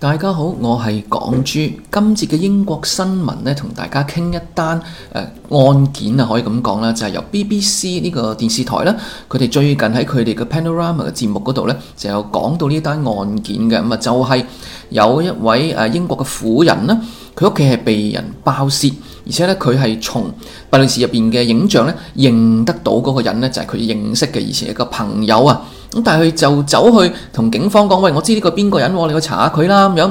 大家好，我係港豬。今節嘅英國新聞咧，同大家傾一單誒、呃、案件啊，可以咁講啦，就係、是、由 BBC 呢個電視台啦，佢哋最近喺佢哋嘅 Panorama 嘅節目嗰度咧，就有講到呢單案件嘅。咁啊，就係有一位誒、呃、英國嘅婦人啦，佢屋企係被人爆竊，而且咧佢係從閉路機入邊嘅影像咧認得到嗰個人咧，就係、是、佢認識嘅以前一個朋友啊。咁但係佢就走去同警方講：喂，我知呢個邊個人，你去查下佢啦咁樣。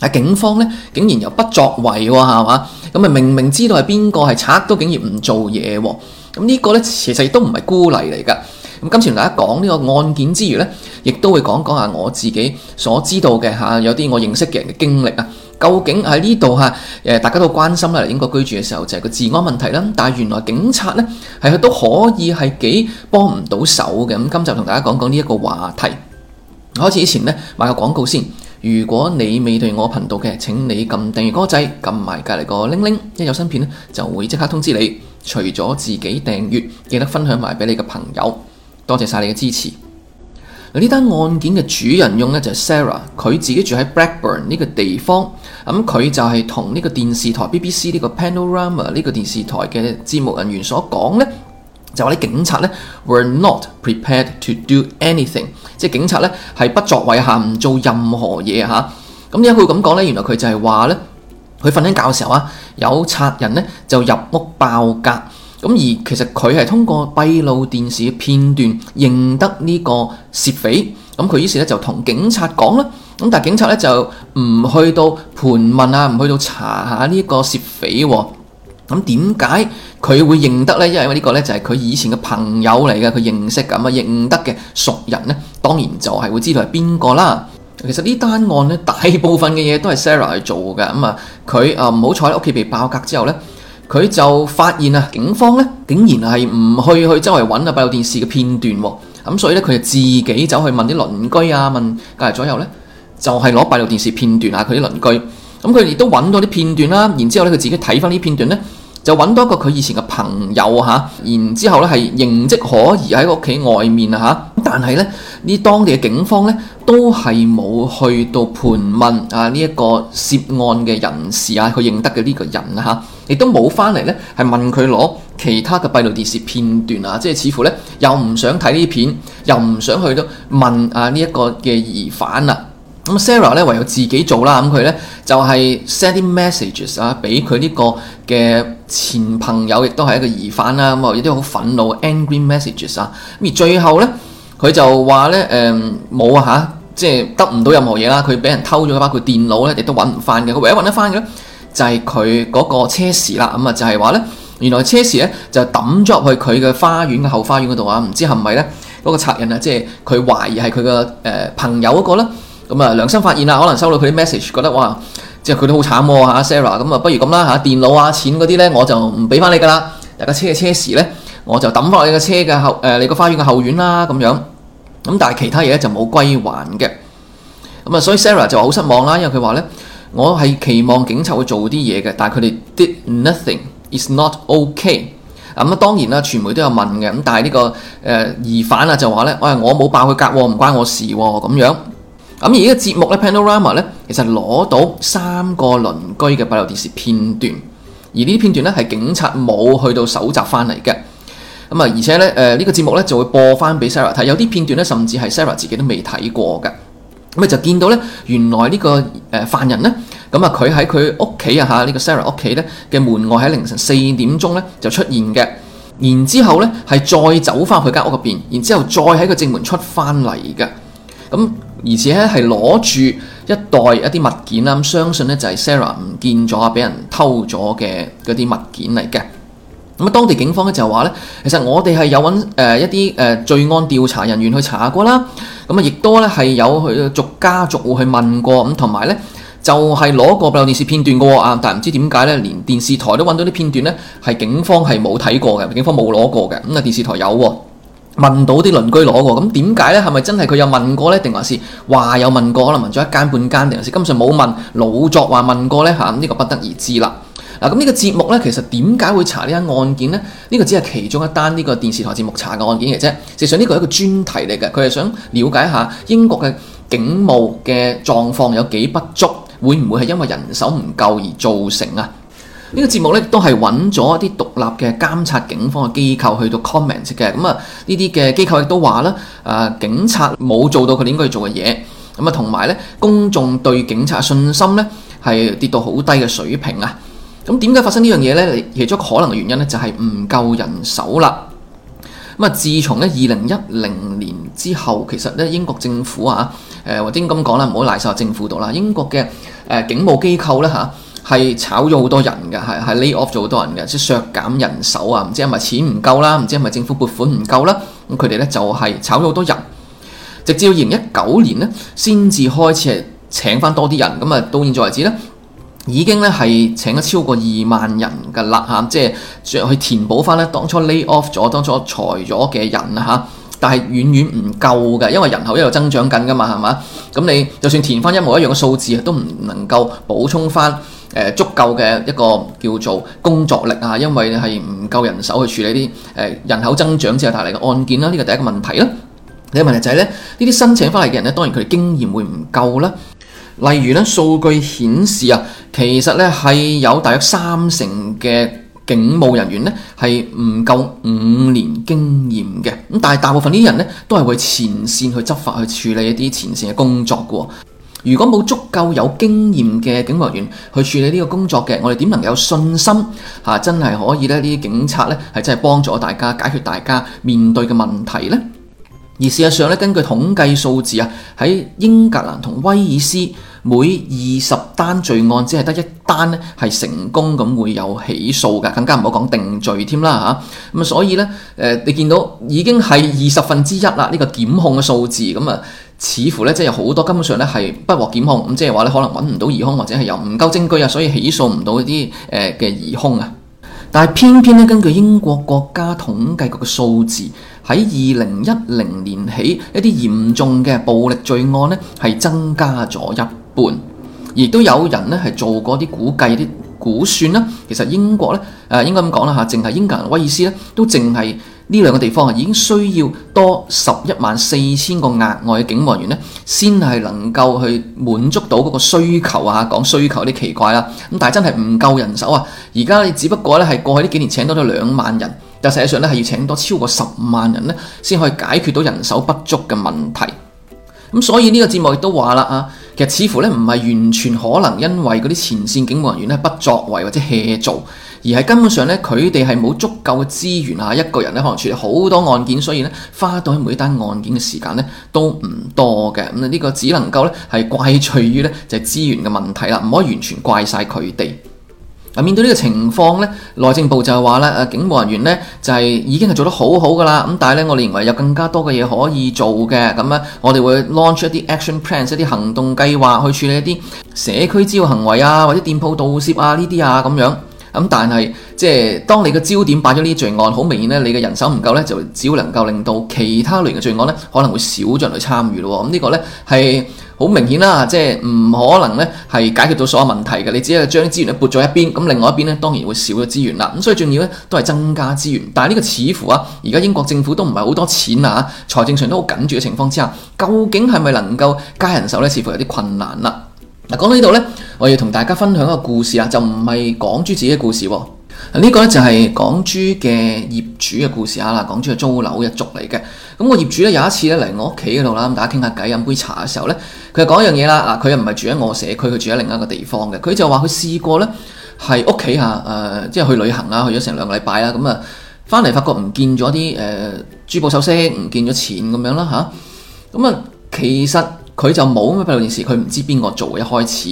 但警方咧，竟然又不作為喎，係嘛？咁咪明明知道係邊個係賊，都竟然唔做嘢。咁、啊這個、呢個咧，其實亦都唔係孤例嚟㗎。咁、啊、今次同大家講呢個案件之餘咧，亦都會講講下我自己所知道嘅嚇、啊，有啲我認識嘅人嘅經歷啊。究竟喺呢度嚇，誒大家都關心啦，英國居住嘅時候就係個治安問題啦。但係原來警察呢，係都可以係幾幫唔到手嘅。咁今集同大家講講呢一個話題。開始之前呢，買個廣告先。如果你未對我頻道嘅，請你撳訂閱嗰個掣，撳埋隔離個鈴鈴，一有新片咧就會即刻通知你。除咗自己訂閱，記得分享埋俾你嘅朋友。多謝晒你嘅支持。呢單案件嘅主人翁咧就係、是、Sarah，佢自己住喺 Blackburn 呢個地方，咁、嗯、佢就係同呢個電視台 BBC 呢個 Panorama 呢個電視台嘅節目人員所講呢，就話啲警察呢：「We're not prepared to do anything」，即係警察呢係不作為下唔做任何嘢吓，咁點解佢咁講呢？原來佢就係話呢，佢瞓緊覺嘅時候啊，有賊人呢就入屋爆格。咁而其實佢係通過閉路電視嘅片段認得呢個竊匪，咁佢於是咧就同警察講啦，咁但係警察咧就唔去到盤問啊，唔去到查下呢個竊匪喎啊，咁點解佢會認得呢？因為呢個咧就係佢以前嘅朋友嚟嘅，佢認識咁啊認得嘅熟人呢，當然就係會知道係邊個啦。其實呢單案咧，大部分嘅嘢都係 Sarah 去做嘅，咁啊佢啊唔好彩喺屋企被爆格之後呢。佢就發現啊，警方咧竟然係唔去去周圍揾啊，閉路電視嘅片段喎、啊。咁、嗯、所以咧，佢就自己走去問啲鄰居啊，問隔離左右咧，就係攞閉路電視片段啊。佢啲鄰居，咁佢亦都揾到啲片段啦、啊。然之後咧，佢自己睇翻啲片段咧，就揾到一個佢以前嘅。朋友嚇，然之後咧係認職可疑喺屋企外面啊，嚇，但係咧呢當地嘅警方咧都係冇去到盤問啊呢一個涉案嘅人士啊，佢認得嘅呢個人啊嚇，亦都冇翻嚟咧係問佢攞其他嘅閉路電視片段啊，即係似乎咧又唔想睇呢片，又唔想去到問啊呢一個嘅疑犯啊。咁 Sarah 咧唯有自己做啦，咁佢咧就係 send 啲 messages 啊，俾佢呢個嘅前朋友，亦都係一個疑犯啦。咁啊，有啲好憤怒 angry messages 啊。咁而最後咧，佢就話咧，誒、嗯、冇啊嚇，即係得唔到任何嘢啦。佢俾人偷咗，包括電腦咧，亦都揾唔翻嘅。佢唯一揾得翻嘅咧，就係佢嗰個車匙啦。咁、嗯、啊，就係話咧，原來車匙咧就抌咗入去佢嘅花園嘅後花園嗰度啊。唔知係咪係咧嗰個賊人啊，即係佢懷疑係佢嘅誒朋友嗰個咧。咁啊，良心發現啦，可能收到佢啲 message，覺得哇，即係佢都好慘嚇 Sarah。咁啊，啊 Sarah，不如咁啦吓，電腦啊、錢嗰啲呢，我就唔俾翻你噶啦。大家車嘅車匙咧，我就抌翻喺個車嘅後誒、呃、你個花園嘅後院啦。咁樣咁，但係其他嘢咧就冇歸還嘅。咁啊，所以 Sarah 就好失望啦，因為佢話呢，我係期望警察會做啲嘢嘅，但係佢哋 did nothing。It's not okay。咁啊，當然啦，傳媒都有問嘅咁，但係呢個誒疑犯啊就話咧，哎，我冇爆佢格，唔關我事喎，咁樣。咁而個節呢個節目咧 Panorama 咧，其實攞到三個鄰居嘅閉路電視片段，而呢啲片段咧係警察冇去到搜集翻嚟嘅。咁啊，而且咧誒呢、呃這個節目咧就會播翻俾 Sarah 睇，有啲片段咧甚至係 Sarah 自己都未睇過嘅。咁啊就見到咧，原來呢、這個誒、呃、犯人咧，咁啊佢喺佢屋企啊嚇呢個 Sarah 屋企咧嘅門外喺凌晨四點鐘咧就出現嘅，然之後咧係再走翻佢間屋入邊，然之後再喺個正門出翻嚟嘅，咁。而且咧係攞住一袋一啲物件啦，咁相信咧就係 Sarah 唔見咗啊，俾人偷咗嘅嗰啲物件嚟嘅。咁啊，當地警方咧就話咧，其實我哋係有揾一啲誒罪案調查人員去查過啦，咁啊亦都咧係有去逐家逐戶去問過，咁同埋咧就係、是、攞過閉路電視片段嘅喎啊，但係唔知點解咧，連電視台都揾到啲片段咧，係警方係冇睇過嘅，警方冇攞過嘅，咁啊電視台有喎。問到啲鄰居攞過，咁點解呢？係咪真係佢有問過呢？定還是話有問過？可能問咗一間半間定還是根本上冇問？老作話問過呢？嚇、啊，呢、這個不得而知啦。嗱、啊，咁、嗯、呢、這個節目呢，其實點解會查呢單案件呢？呢、這個只係其中一單呢個電視台節目查嘅案件嘅啫。事實上呢個係一個專題嚟嘅，佢係想了解下英國嘅警務嘅狀況有幾不足，會唔會係因為人手唔夠而造成啊？個節呢個節目咧都係揾咗一啲獨立嘅監察警方嘅機構去到 comment 嘅，咁啊呢啲嘅機構亦都話咧，誒、呃、警察冇做到佢哋應該做嘅嘢，咁啊同埋咧公眾對警察信心咧係跌到好低嘅水平啊！咁點解發生呢樣嘢咧？其中一個可能嘅原因咧就係唔夠人手啦。咁啊，自從咧二零一零年之後，其實咧英國政府啊，誒或者應該咁講啦，唔好賴晒政府度、啊、啦，英國嘅誒、呃、警務機構咧、啊、嚇。係炒咗好多人嘅，係係 lay off 咗好多人嘅，即削減人手啊。唔知係咪錢唔夠啦，唔知係咪政府撥款唔夠啦。咁佢哋咧就係、是、炒咗好多人，直至到二零一九年咧先至開始係請翻多啲人。咁啊，到現在為止咧已經咧係請咗超過二萬人㗎啦吓，即係去填補翻咧當初 lay off 咗、當初裁咗嘅人啊吓，但係遠遠唔夠㗎，因為人口一路增長緊㗎嘛係嘛。咁你就算填翻一模一樣嘅數字啊，都唔能夠補充翻。誒足夠嘅一個叫做工作力啊，因為係唔夠人手去處理啲誒人口增長之後帶嚟嘅案件啦，呢、這個第一個問題啦。第二個問題就係、是、咧，呢啲申請翻嚟嘅人咧，當然佢哋經驗會唔夠啦。例如咧，數據顯示啊，其實咧係有大約三成嘅警務人員咧係唔夠五年經驗嘅，咁但係大部分呢啲人咧都係會前線去執法去處理一啲前線嘅工作嘅。如果冇足夠有經驗嘅警務人員去處理呢個工作嘅，我哋點能有信心嚇、啊、真係可以呢？呢啲警察呢，係真係幫助大家解決大家面對嘅問題呢。而事實上呢，根據統計數字啊，喺英格蘭同威爾斯，每二十單罪案只係得一單呢，係成功咁會有起訴㗎，更加唔好講定罪添啦吓，咁、啊、所以呢，誒、呃、你見到已經係二十分之一啦，呢、這個檢控嘅數字咁啊、嗯，似乎呢，即係有好多根本上呢係不獲檢控，咁即係話呢可能揾唔到疑凶，或者係又唔夠證據啊，所以起訴唔到一啲誒嘅疑凶啊。但係偏偏呢，根據英國國家統計局嘅數字，喺二零一零年起，一啲嚴重嘅暴力罪案呢係增加咗一。半，亦都有人咧，係做過啲估計、啲估算啦、啊。其實英國咧，誒、呃、應該咁講啦嚇，淨係英格蘭威爾斯咧，都淨係呢兩個地方啊，已經需要多十一萬四千個額外嘅警務員咧，先係能夠去滿足到嗰個需求啊。講需求有啲奇怪啦、啊，咁但係真係唔夠人手啊。而家你只不過咧係過去呢幾年請多咗兩萬人，但實際上咧係要請多超過十萬人咧，先可以解決到人手不足嘅問題。咁所以呢個節目亦都話啦啊。其實似乎呢，唔係完全可能，因為嗰啲前線警務人員呢不作為或者 hea 做，而係根本上呢，佢哋係冇足夠嘅資源啊！一個人呢，可能處理好多案件，所以呢，花到每一單案件嘅時間呢都唔多嘅。咁、嗯、呢、呢個只能夠呢，係怪罪於呢就係、是、資源嘅問題啦，唔可以完全怪晒佢哋。面對呢個情況咧，內政部就係話咧，誒警務人員呢就係、是、已經係做得好好噶啦。咁但係呢，我哋認為有更加多嘅嘢可以做嘅。咁啊，我哋會 launch 一啲 action plans，一啲行動計劃去處理一啲社區滋擾行為啊，或者店鋪盜竊啊呢啲啊咁樣。咁但係即係當你個焦點擺咗呢啲罪案，好明顯呢，你嘅人手唔夠呢，就只會能夠令到其他類型嘅罪案呢可能會少咗人嚟參與咯。咁、嗯、呢、呢個呢係。好明顯啦，即係唔可能咧係解決到所有問題嘅。你只係將資源咧撥咗一邊，咁另外一邊咧當然會少咗資源啦。咁所以仲要咧都係增加資源。但係呢個似乎啊，而家英國政府都唔係好多錢啊，財政上都好緊張嘅情況之下，究竟係咪能夠加人手咧？似乎有啲困難啦。嗱、啊，講到呢度咧，我要同大家分享一個故事啦，就唔係港豬自己嘅故事喎。啊這個、呢個咧就係、是、港豬嘅業主嘅故事啊啦，港豬嘅租樓一族嚟嘅。咁個業主咧有一次咧嚟我屋企嗰度啦，咁大家傾下偈飲杯茶嘅時候咧，佢就講一樣嘢啦。嗱，佢又唔係住喺我社區，佢住喺另一個地方嘅。佢就話佢試過咧，係屋企嚇誒，即係去旅行啦，去咗成兩個禮拜啦，咁、嗯呃、啊，翻嚟發覺唔見咗啲誒珠寶首飾，唔見咗錢咁樣啦嚇。咁啊，其實佢就冇咩閉路電視，佢唔知邊個做一開始。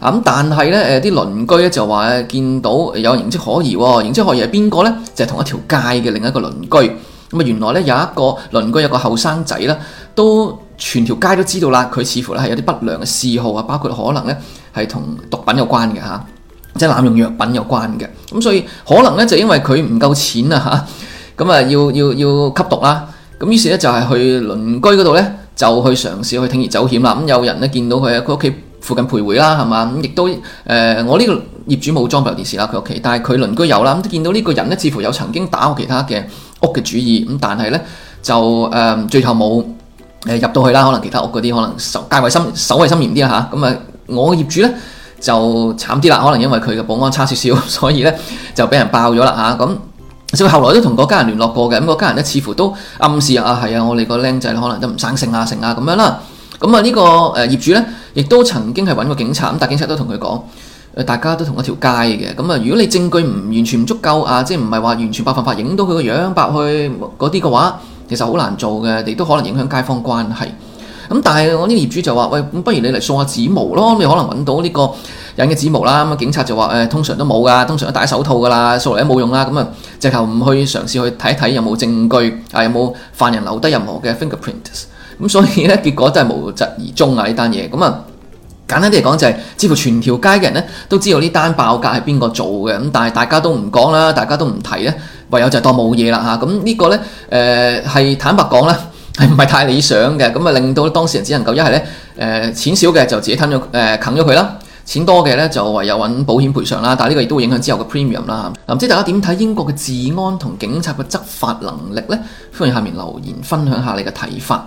咁、嗯、但係咧誒，啲鄰居咧就話咧見到有形跡可疑，形跡可疑係邊個咧？就係、是、同一條街嘅另一個鄰居。咁啊，原來咧有一個鄰居有個後生仔啦，都全條街都知道啦。佢似乎咧係有啲不良嘅嗜好啊，包括可能咧係同毒品有關嘅嚇，即係濫用藥品有關嘅。咁所以可能咧就因為佢唔夠錢啊嚇，咁啊要要要吸毒啦。咁於是咧就係、是、去鄰居嗰度咧就去嘗試去鋌而走險啦。咁有人咧見到佢喺佢屋企附近徘徊啦，係嘛？咁亦都誒、呃、我呢個業主冇裝備電視啦，佢屋企，但係佢鄰居有啦。咁見到呢個人咧，似乎有曾經打過其他嘅。屋嘅主意咁，但係呢就誒、呃、最後冇誒、呃、入到去啦。可能其他屋嗰啲可能守衞森守衞森嚴啲啦吓，咁啊，我個業主呢就慘啲啦。可能因為佢嘅保安差少少，所以呢就俾人爆咗啦吓，咁甚至後來都同嗰家人聯絡過嘅。咁、嗯、嗰家人呢似乎都暗示啊，係啊，我哋個僆仔可能都唔生性啊，性啊咁樣啦。咁啊呢個誒、呃、業主呢亦都曾經係揾過警察咁，但警察都同佢講。大家都同一條街嘅，咁、嗯、啊，如果你證據唔完全唔足夠啊，即係唔係話完全百分百影到佢個樣，白去嗰啲嘅話，其實好難做嘅，你都可能影響街坊關係。咁、嗯、但係我啲業主就話：喂，咁不如你嚟掃下指模咯，你、嗯、可能揾到呢個人嘅指模啦。咁、嗯、啊，警察就話：誒、哎，通常都冇噶，通常都戴手套㗎啦，掃嚟都冇用啦。咁、嗯、啊，直頭唔去嘗試去睇一睇有冇證據啊，有冇犯人留低任何嘅 fingerprints。咁、嗯、所以呢，結果都係無疾而終啊！呢單嘢咁啊～、嗯嗯簡單啲嚟講、就是，就係幾乎全條街嘅人咧，都知道呢單爆格係邊個做嘅，咁但係大家都唔講啦，大家都唔提咧，唯有就當冇嘢啦嚇。咁、啊這個、呢個咧，誒、呃、係坦白講啦，係唔係太理想嘅，咁、嗯、啊令到當事人只能夠一係咧，誒、呃、錢少嘅就自己吞咗，誒啃咗佢啦；錢多嘅咧就唯有揾保險賠償啦。但係呢個亦都會影響之後嘅 premium 啦。唔、啊、知大家點睇英國嘅治安同警察嘅執法能力咧？歡迎下面留言分享下你嘅睇法。